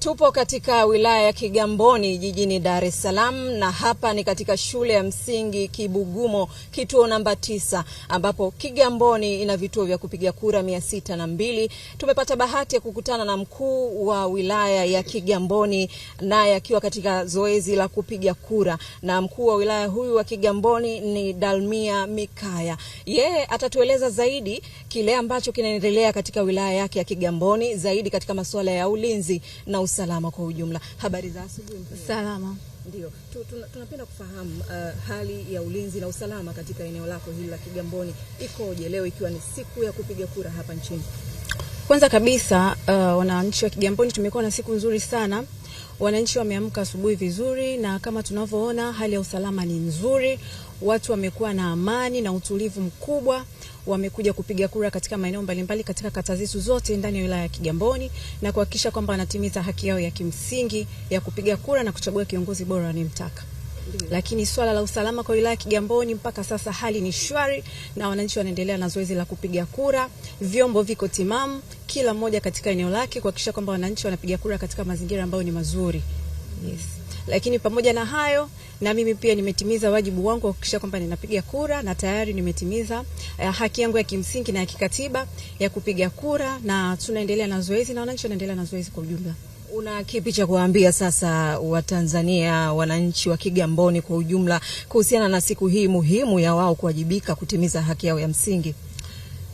Tupo katika wilaya ya Kigamboni jijini Dar es Salaam na hapa ni katika shule ya msingi Kibugumo kituo namba tisa ambapo Kigamboni ina vituo vya kupiga kura mia na mbili. Tumepata bahati ya kukutana na mkuu wa wilaya ya Kigamboni naye akiwa katika zoezi la kupiga kura, na mkuu wa wilaya huyu wa Kigamboni ni Dalmia Mikaya. Yeye atatueleza zaidi kile ambacho kinaendelea katika wilaya yake ya Kigamboni, zaidi katika masuala ya ulinzi na usalama kwa ujumla. Habari za asubuhi. Salama. Ndio, tunapenda kufahamu uh, hali ya ulinzi na usalama katika eneo lako hili la Kigamboni ikoje leo ikiwa ni siku ya kupiga kura hapa nchini? Kwanza kabisa uh, wananchi wa Kigamboni tumekuwa na siku nzuri sana. Wananchi wameamka asubuhi vizuri, na kama tunavyoona hali ya usalama ni nzuri, watu wamekuwa na amani na utulivu mkubwa wamekuja kupiga kura katika maeneo mbalimbali katika kata zetu zote ndani ya wilaya ya Kigamboni na kuhakikisha kwamba wanatimiza haki yao ya kimsingi ya kupiga kura na kuchagua kiongozi bora wanayemtaka. Lakini swala la usalama kwa wilaya ya Kigamboni mpaka sasa hali ni shwari, na wananchi wanaendelea na zoezi la kupiga kura. Vyombo viko timamu, kila mmoja katika eneo lake kuhakikisha kwamba wananchi wanapiga kura katika mazingira ambayo ni mazuri. Yes. Lakini pamoja na hayo, na mimi pia nimetimiza wajibu wangu wa kuhakikisha kwamba ninapiga kura na tayari nimetimiza eh, haki yangu ya kimsingi na ya kikatiba ya kupiga kura, na tunaendelea na zoezi na wananchi wanaendelea na zoezi kwa ujumla. Una kipi cha kuwaambia sasa Watanzania, wananchi wa Kigamboni kwa ujumla kuhusiana na siku hii muhimu ya wao kuwajibika kutimiza haki yao ya msingi?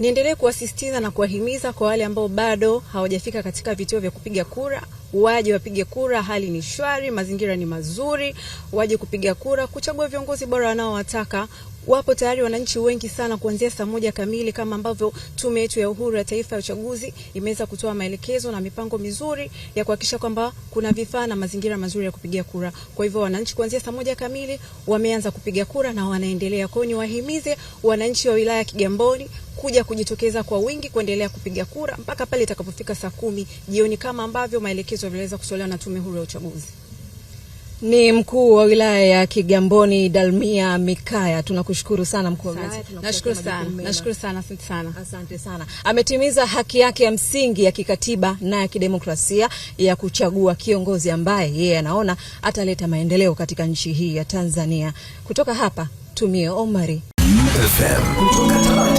Niendelee kuwasisitiza na kuwahimiza kwa wale ambao bado hawajafika katika vituo vya kupiga kura waje wapige kura. Hali ni shwari, mazingira ni mazuri, waje kupiga kura, kuchagua viongozi bora wanaowataka. Wapo tayari wananchi wengi sana kuanzia saa moja kamili, kama ambavyo Tume yetu ya Uhuru ya Taifa ya Uchaguzi imeweza kutoa maelekezo na mipango mizuri ya kuhakikisha kwamba kuna vifaa na mazingira mazuri ya kupiga kura. Kwa hivyo wananchi kuanzia saa moja kamili wameanza kupiga kura na wanaendelea. Kwa hiyo niwahimize wananchi wa wilaya ya Kigamboni kuja kujitokeza kwa wingi kuendelea kupiga kura mpaka pale itakapofika saa kumi jioni kama ambavyo maelekezo vigezo kutolewa na Tume Huru ya Uchaguzi. Ni mkuu wa wilaya ya Kigamboni Dalmia Mikaya, tunakushukuru sana mkuu wa Nashukuru sana, nashukuru sana, asante sana, asante sana. Ametimiza haki yake ya msingi ya kikatiba na ya kidemokrasia ya kuchagua kiongozi ambaye yeye anaona ataleta maendeleo katika nchi hii ya Tanzania. Kutoka hapa tumie Omari FM.